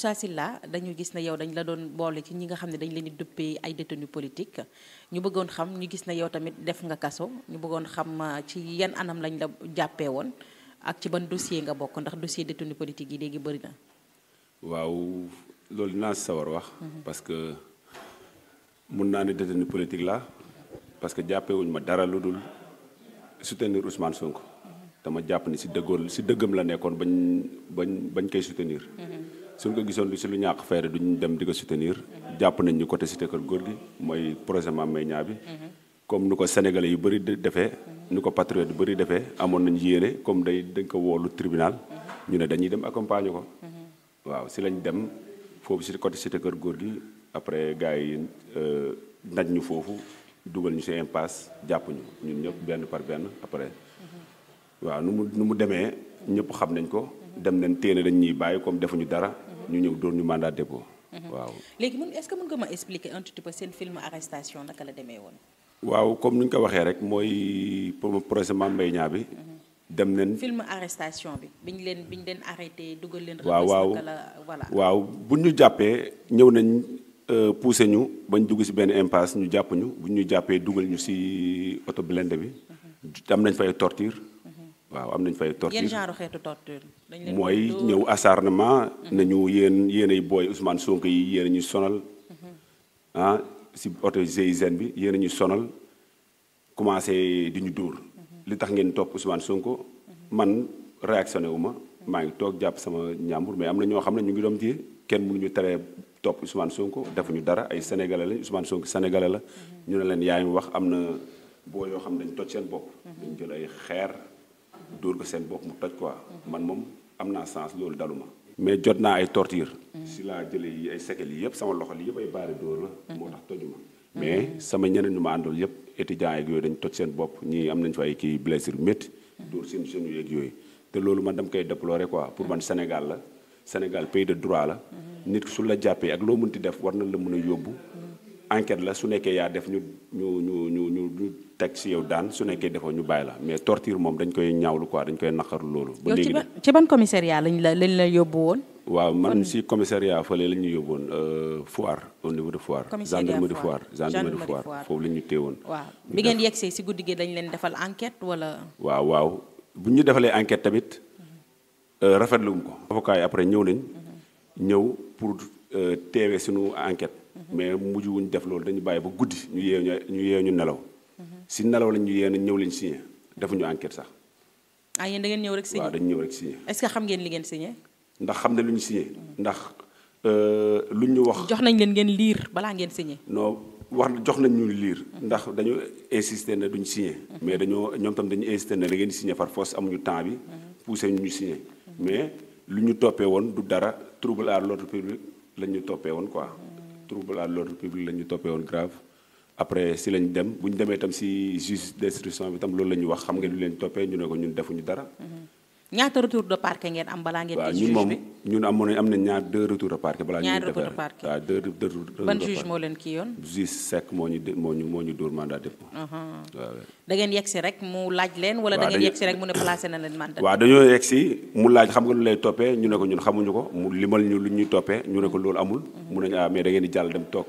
Sasila dañu gis na yow dañ la doon boole ci ñi nga xam ne dañ leen di duppee ay détenu politique ñu bëggoon xam ñu gis na yow tamit def nga kaso ñu bëggoon xam euh, ci yan anam lañ la jàppee woon ak ci ban dossier nga bokk ndax dossier détenu politique yi léegi bëri na. waaw loolu dinaa sawar wax. Mhm. parce que mun naa ne détenu politique la parce que jàppee wuñ ma dara lu dul soutenir Ousmane Sonko. Mhm. dama japp ni si dëggoon si dëggam la nekkoon bañ bañ bañ koy soutenir. Mhm. suñ ko gisoon lu si lu ñàkk fayda duñ dem di ko soutenir jàpp nañ ñu côté cité kër góor gi mooy projet Mame Mbaye Niang bi comme nu ko sénégalais yu bëri defee nu ko patriote yu bëri defee amoon nañ yéene comme day dañ ko woolu tribunal ñu ne dañuy dem accompagner ko waaw si lañ dem foofu si côté cité kër góor gi après gars yi ndaj euh, ñu foofu dugal ñu si impasse jàpp ñu ñun ñëpp benn par benn après waaw nu mu nu mu demee ñëpp xam nañ ko dem leen téene dañ ñuy bàyyi comme defuñu dara. ñu ñëw doon ñu mandat dépôt. Mhm. waaw léegi mun est-ce que mën nga ma expliquer un petit peu seen film arrestation naka la demee woon. waaw comme ni ñu ko waxee rek mooy procès Mame Mbaye Niang bi. Mhm. dem nañ film arrestation bi biñ leen biñ leen arrêté dugal leen. waaw waaw voilà. waaw buñ ñu jàppee ñëw nañ euh, poussé ñu bañ dugg ci benn impasse ñu jàpp ñu buñ ñu jàppee dugal ñu ci oto blindé bi. Mhm. am nañ fay torture waaw am nañ fay torture yan genre xeetu torture mooy ñëw acharnement mhm. nañu yéen yéenay booy Ousmane Sonko yi yéen ñu sonal mhm. ah si oto GIGN bi yéen ñu sonal commencé di ñu dóor mhm. li tax ngeen topp Ousmane Sonko man réactionné wu ma maa ngi toog jàpp sama ñaambur mais am na ñoo xam ne ñu ngi doom téye kenn mu ñu teree topp Ousmane Sonko ñu dara ay sénégalais la Ousmane Sonko la ñu ne leen yaa ngi wax am na boo yoo xam ne dañ toj seen bopp dañ jël ay xeer dóor ko seen bopp mu toj quoi man moom am naa sens loolu daluma mais jot naa ay torture si laa jëlee yi ay séquelles yi yëpp sama loxo li yëpp ay baari dóor la moo tax tojuma mais sama ñeneen ñu ma àndool yëpp étudiants yeeg yooyu dañ toj seen bopp ñii am nañ fa ay kii blessure métti dóor seen seen yeeg yooyu te loolu man dama koy déplorer quoi pour man Sénégal la Sénégal pays de droit la nit su la jàppee ak loo mënti def war na la mën a yóbbu enquête la su nekkee yaa def ñu ñu ñu ñu ñu teg si yow daan su nekkee defoo ñu bàyyi la mais torture moom dañ koy ñaawlu quoi dañ koy naqaru loolu. ba léegi ci ban commissariat lañ la lañ la yóbbu woon. waaw man si commissariat fële la ñu yóbbu woon euh, Foire au niveau de Foire. gendarmerie Foire gendarmerie Foire foofu la ñu téewoon. waaw bi ngeen yegsee si guddi gi dañ leen defal enquête wala. waaw waaw bu ñu defalee enquête tamit mhm. euh, rafetlu ko. avocat yi après ñëw nañ. Mhm. ñëw pour euh, teewee sunu enquête. Mhm. mais mujj wuñ def loolu dañu bàyyi ba guddi ñu yeewu ñu yeewu ñu nelaw. si nelaw lañ ñu yéen ñëw lañ signé defuñu enquête sax. ah yéen da ngeen ñëw rek signé waaw dañ ñëw rek signé. ce que xam ngeen li ngeen signé. ndax xam ne lu ñu signé. ndax euh, lu ñu wax. jox nañ leen ngeen liir balaa ngeen signé. non wax jox nañ ñu liir. ndax dañu insister ne duñ signé. mais dañoo ñoom tam dañu insister ne da ngeen di signé par force amuñu temps bi. poussé ñu ñu signé. mais lu ñu toppee woon du dara trouble à l'ordre public lañ ñu toppee woon quoi. trouble à l'ordre public lañ ñu toppee woon grave. après si lañ dem bu ñu demee tam si juge d'instruction bi tam loolu la ñu wax xam nga lu leen toppee ñu ne ko ñun defuñu dara. Mm-hmm. ñaata retour de parquet ngeen am balaa ngeen. moom ñun amoon nañu am na ñaar deux retours de parquet. balaa ñuy defar ñaar retours de parquet moo laaj leen. wala da ngeen yegg si rek mu ne nga lu lay toppee ñu ne ko ñun xamuñu ko mu limal ñu lu ñuy toppee ñu ne ko loolu amul. Mm-hmm. mu ne ah mais da di jàll dem toog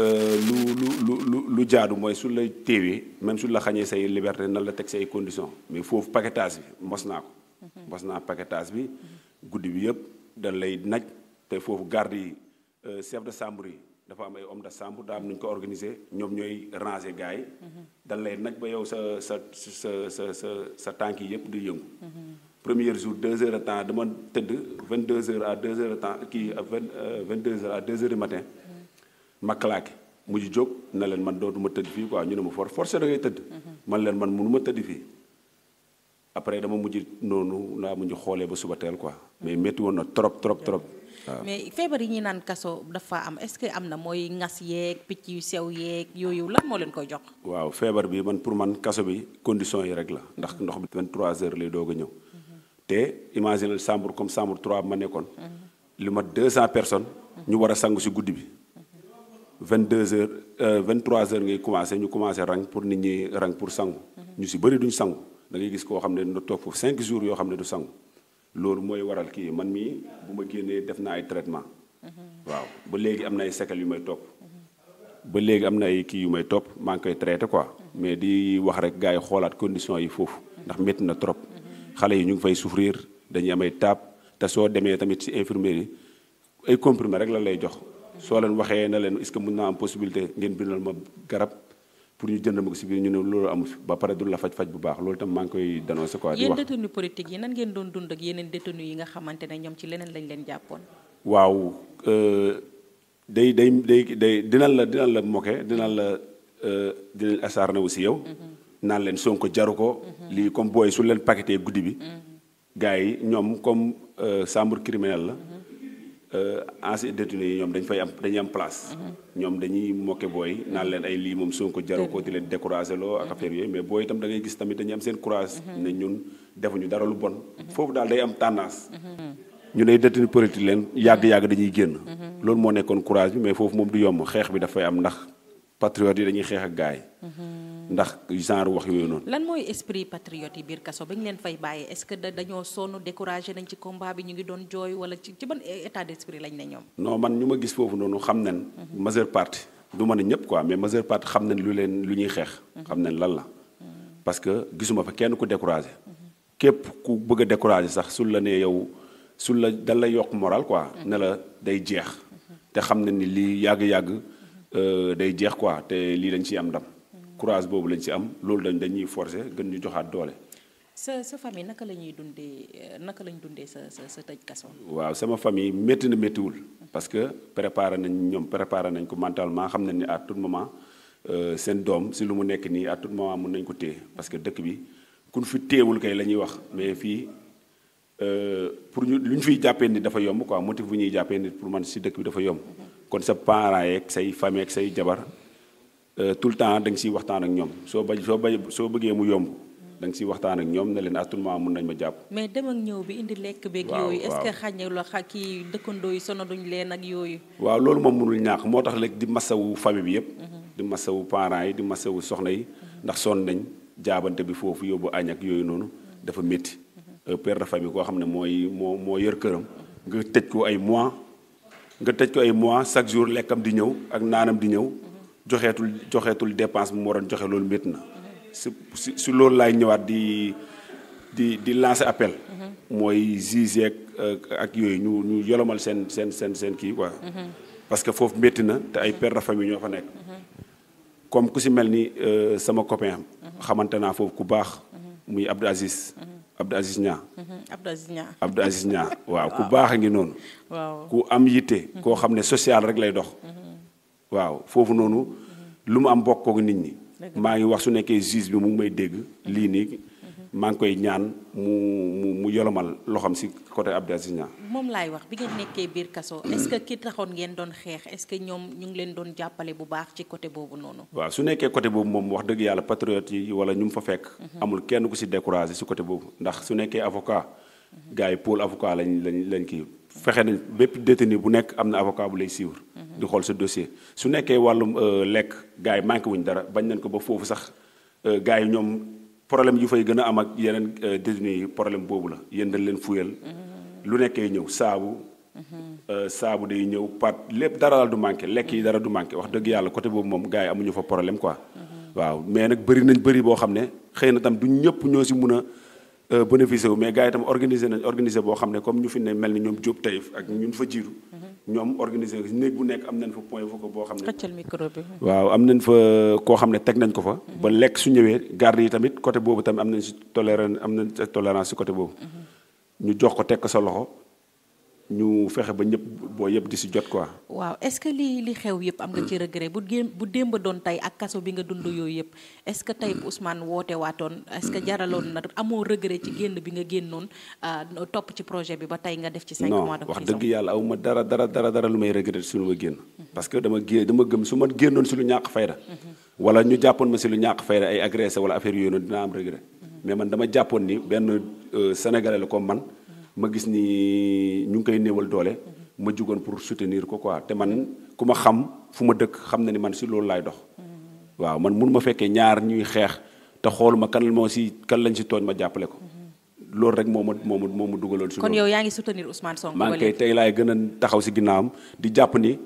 Euh, lu lu lu lu jaadu mooy su la téewee même su la xañee say liberté nan la teg say conditions mais foofu paquetage bi mos naa ko. Mhm. mos naa paquetage bi mhm. guddi bi yëpp dañ lay naj te foofu garde yi euh, chef de chambre yi dafa am ay homme de chambre daa am nu ko organiser ñoom ñooy ranger gars yi. Mhm. dañ lay naj ba yow sa sa sa sa sa sa tànk yi yëpp di yëngu. premier jour deux heures de temps dama tëdd vingt deux heures à deux heures de temps kii vingt euh, deux heures à deux heures du matin. ma claqué mujj jóg na leen man dootuma tëdd fii quoi ñu ne ma for forcé da tëdd. man leen man mënu ma tëdd fii. après dama mujj noonu laa mujj xoolee ba suba teel quoi mais métti woon na trop trop trop. waaw mais feebar yi ñuy naan kaso dafa am est-ce que am na mooy ngas yeeg picc yu sew yeeg yooyu lan moo leen koy jox. waaw feebar bii man pour man kaso bi condition yi rek la ndax ndox bi 23 heures lay doog a ñëw. te imagine chambre comme chambre trois ma nekkoon. Mhm. lu mat 200 personnes. ñu war a sangu si guddi bi. 22 heures euh, 23 heures ngay commencé ñu commencé rang pour nit ñi rang pour sang mhm. ñu ci bari duñ sang da ngay gis ko xamné no top toog 5 jours yo xamné du sang loolu moy waral ki man mi bu ma génnee def naa ay traitement mhm. waaw ba légui am na ay séquelles yu may top mhm. ba légui am na ay ki yu may top maa ngi koy traiter quoi mais di wax rek gars yi condition yi fofu ndax metti na trop xalé yi ñu ngi fay souffrir dañuy am ay taab te soo demee tamit ci infirmerie ay comprimé rek la lay jox. soo leen waxee na leen est-ce que mun naa am possibilité ngeen bindal ma garab pour ñu jënd ma ko si biir ñu ne loolu amu fi ba pare du la faj faj bu baax loolu tam maa ngi koy dénoncé quoi. di wax yéen détenu politique yi nan ngeen doon dund ak yeneen détenu yi nga xamante ne ñoom ci leneen lañ leen jàppoon. waaw euh, day day day day dinañ la dinaa la moqué dinañ la dinañ asaar euh, na aussi yow. Mm-hmm. naan leen Sonko jaru ko. Mm-hmm. lii comme booy su leen paqueté guddi bi. Mm-hmm. gars yi ñoom comme euh, chambre criminelle la. Euh, ancien détenu yi ñoom dañ fay am dañuy am place. Mm-hmm. ñoom dañuy mokke booy naan leen ay lii moom Sonko jaroo ko di leen découragé loo ak mm-hmm. affaire yooyu mais booy itam da ngay gis tamit dañuy am seen courage. Mm-hmm. ne ñun ñu dara lu bon. foofu daal day am tendance. ñu ne détenu politique leen yàgg-yàgg dañuy génn. loolu moo nekkoon courage bi mais foofu moom du yomb xeex bi dafay am ndax patriote yi dañuy xeex ak gaay yi ndax genre wax yooyu noonu. lan mooy esprit patriote yi biir kaso ba ñu leen fay bàyyi est-ce que dañoo sonn découragé nañ ci combat bi ñu ngi doon jooy wala ci ci ban état d'esprit lañ ne ñoom. non man ñu ma gis foofu noonu xam nañ. Mhm. majeure partie du ma ne ñëpp quoi mais majeure partie xam nañ lu leen lu ñuy xeex. Mhm. xam nañ lan la mhm. parce que gisuma fa kenn ku découragé. képp ku bëgg a découragé sax sul la ne yow sul la dan lay yokk moral quoi. ne la day jeex. te xam nañ ni lii yàgg-yàgg euh, day jeex quoi te lii dañ ci am dam courage boobu lañ ci am loolu dañ dañuy forcer gën ñu joxaat doole. sa sa famille naka lañuy ñuy dundee euh, naka lañ dundee sa sa sa tëj kaso. waaw sama fami métti na méttiwul. parce que préparé nañ ñoom préparer nañ ko mentalement xam nañ ne à tout moment euh, seen doom si lu mu nekk nii à tout moment mun nañ ko téye parce que dëkk bi kun fi téewul kay la ñuy wax mais fii. Euh, pour ñu lu ñu fiy jàppee nit dafa yomb quoi motif bu ñuy jàppee nit pour man si dëkk bi dafa yomb mm-hmm. kon sa parents yeeg say famille ak say jabar Euh, tout le temps danga nga siy waxtaan ak ñoom soo ba soo ba soo bëggee mu yomb da nga siy waxtaan ak ñoom ne leen à ah, tout mun nañ ma jàpp. mais dem ak ñëw bi indi lekk beeg. yooyu la xa kii dëkkandoo yi sono duñ leen ak yooyu. waaw loolu moom mënul ñàkk moo tax léegi di masawu famille bi yëpp. di masawu parents yi di masawu soxna ndax sonn nañ jaabante bi foofu yóbbu añ ak yooyu noonu dafa métti. Euh, père de famille koo xam ne mooy moo moo yor këram nga tëj ko ay mois nga tëj ko ay mois chaque jour lekkam di ñëw ak naanam di ñëw joxeetul joxeetul dépense mo joxé ñëwaat di di di lancer appel. moy euh, ak yoy ñu ñu yolomal parce que fofu na ay père de famille comme ku si melni euh, sama copain ku Aziz. Abdou Aziz nya Abdou Aziz ku social rek lay waaw foofu noonu lu mu am bokkook nit ñi maa ngi wax su nekkee juge bi mu ngi may dégg lii nii maa ngi koy ñaan mu mu mu yolomal loxam si côté Abdou Aziz Niang moom laay wax bi ngeen nekkee biir kaso est-ce ki taxoon ngeen doon xeex est-ce que ñoom ñu ngi leen doon jàppale bu baax ci côté boobu noonu waa su nekkee côté boobu moom wax dëgg yàlla patriote yi wala ñu mu fa fekk mhm. amul kenn ku si découragé si côté boobu ndax su nekkee avocat mhm. gars yi pôle avocat lañ lañ lañ kii fexe nañ bépp détenu bu nekk am na avocat lay suivre. di xool sa dossier su nekkee wàllum euh, lekk gars yi manqué wuñ dara bañ nañ ko ba foofu sax euh, gars yi ñoom problème yu fay gën a am ak yeneen euh, détenu yi problème boobu la yéen dañ leen fuyal. Mm-hmm. lu nekkee ñëw saabu. Mm-hmm. saabu day ñëw pat lépp dara du manqué lekk yi dara du manqué wax dëgg yàlla côté boobu moom gars yi amuñu fa problème quoi. Mm-hmm. waaw mais nag bëri nañ bëri boo xam ne xëy na tam du ñëpp ñoo si mun a. Euh, bénéficié wu mais gars yi itam organisé nañ organisé boo xam ne comme ñu fi ne mel ni ñoom Diop Taïf ak ñun fa jiitu. Mm-hmm. ñoom organisé néeg bu nekk am nañ fa point foofu boo xam ne. xëccal micro bi. waaw am nañ fa koo xam ne teg nañ ko fa. Mm-hmm. ba lekk su ñëwee garde yi tamit côté boobu tamit am nañ si tolérance am nañ tolérance si côté boobu. Mm-hmm. ñu jox ko teg ko sa loxo. ñu fexe ba ñëpp boo yëpp di si jot quoi. waaw est-ce que li li xew yëpp am nga ci regret bu gé bu démb doon tey ak kaso bi nga dund yooyu yëpp est-ce que tey bu Ousmane woote waatoon est que jaraloon na amoo regret ci bi nga génnoon euh, topp ci projet bi ba tey nga def ci. cinq mois de prison non dëgg yàlla aw ma dara dara dara dara lu may regret su ma que dama gé dama gëm su ma génnoon si lu ñàkk fayda. wala ñu jàppoon ma si lu ñàkk fayda ay agressé wala affaire yooyu noonu dinaa am regret. mais man dama jàppoon ni benn euh, sénégalais la comme man. ma gis ni ñu koy neewal doole ma jugoon pour soutenir ko quoi te man ku ma xam fu ma dëkk xam na ni man si loolu laay dox waaw man mënuma ma fekkee ñaar ñuy xeex te xooluma kan moo si kan lañ si tooñ ma jàppale ko loolu rek moo ma moo ma moo ma dugaloon si kon yow yaa ngi soutenir Ousmane Sonko maa ngi koy tey laay gën a taxaw si ginnaawam di jàpp ni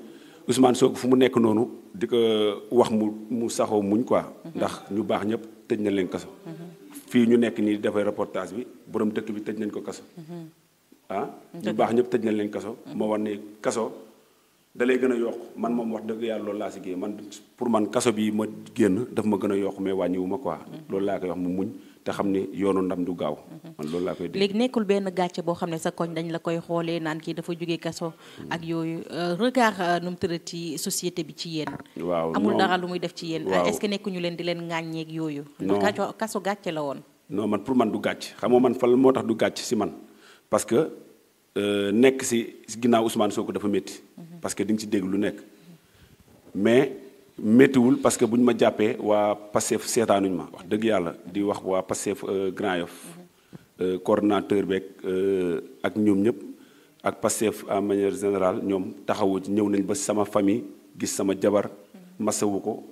Ousmane Sonko fu mu nekk noonu di ko wax mu mu saxoo muñ quoi ndax ñu baax ñëpp tëj na leen kaso mhm. fii ñu nekk nii dafay reportage bi borom dëkk bi tëj nañ ko kaso mhm. ah baax ñëpp tëj nañ leen kaso moo war ne kaso da lay gën a yokk man moom wax dëgg yàlla loolu laa si génn man pour man kaso bi ma génn daf ma gën a yokk mais wàññiwu ma quoi mhm. loolu laa koy mu te xam ne yoonu ndam du gaaw mhm. man loolu laa koy nekkul benn gàcce boo xam ne sa koñ dañ la koy xoolee naan kii dafa jógee kaso ak mhm. yooyu euh, regard euh, nu mu tërat ci société bi ci yéen waaw amul dara lu muy def ci yéen est-ce nekkuñu leen di leen ŋàññeeg yooyu kaso gàcce la woon non man pour man du gàcc xam nga man fan moo tax du gàcc si man parce que euh, nek si ginnaaw Ousmane Sonko dafa metti parce que ding ci dégg lu nekk. mais wul parce que buñ ma jappé wa Pastef sétanuñ ma wax deug yalla di wax waa Pastef euh, Grand Yoff euh, bek euh, ak ñom ñep ak Pastef en manière générale ñom taxawu ci ñëw nañ ba sama famille gis sama jabar masawu ko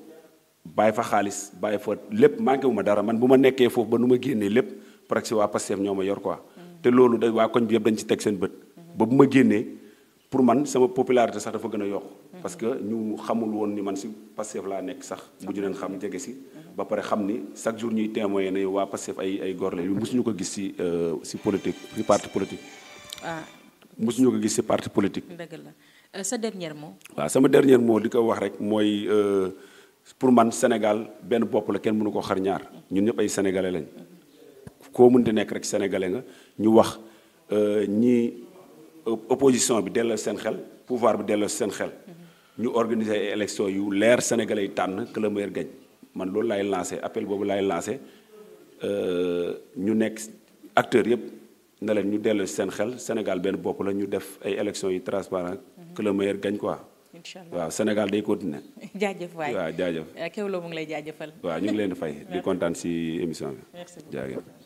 bàyyi fa xaalis bàyyi fa lepp manqué wuma dara man buma nekké fofu ba numa génné lepp lépp parce que waa Pastef ñoo yor quoi te loolu da waa koñ bi yëpp dañ ci teg seen bët ba bu ma génnee pour man sama popularité sax dafa gën a yokk parce que ñu xamul woon ni man si passef laa nekk sax bu ñu nañ xam jege si ba pare xam ni chaque jour ñuy témoigner ne waa Pastef ay ay góor la yu mosuñu ko gis si euh, si politique si parti politique ah mosuñu ko gis si parti politique dëgg la euh, sa dernier mot waaw sama dernière mot li ko wax rek mooy euh, pour man Sénégal benn bopp la kenn mënu ko xar ñaar ñun ñëpp ay sénégalais lañ koo mën di nekk rek sénégalais nga ñu wax euh, ñi opposition bi delloo seen xel pouvoir bi delloo seen xel ñu organiser ay élections yu leer sénégalais yi tànn que le man loolu laay lancé appel boobu laay lancé euh, ñu nekk acteurs yëpp na leen ñu delloo seen xel Sénégal benn bopp la ñu def ay élections yu transparent que le meilleur gagne quoi. incha allah waaw Sénégal day continuer. jaajëf waay waaw jaajëf. Euh, Kewoulo mu ngi lay jaajëfal. waaw ñu ngi leen di fay di kontaan si émission bi.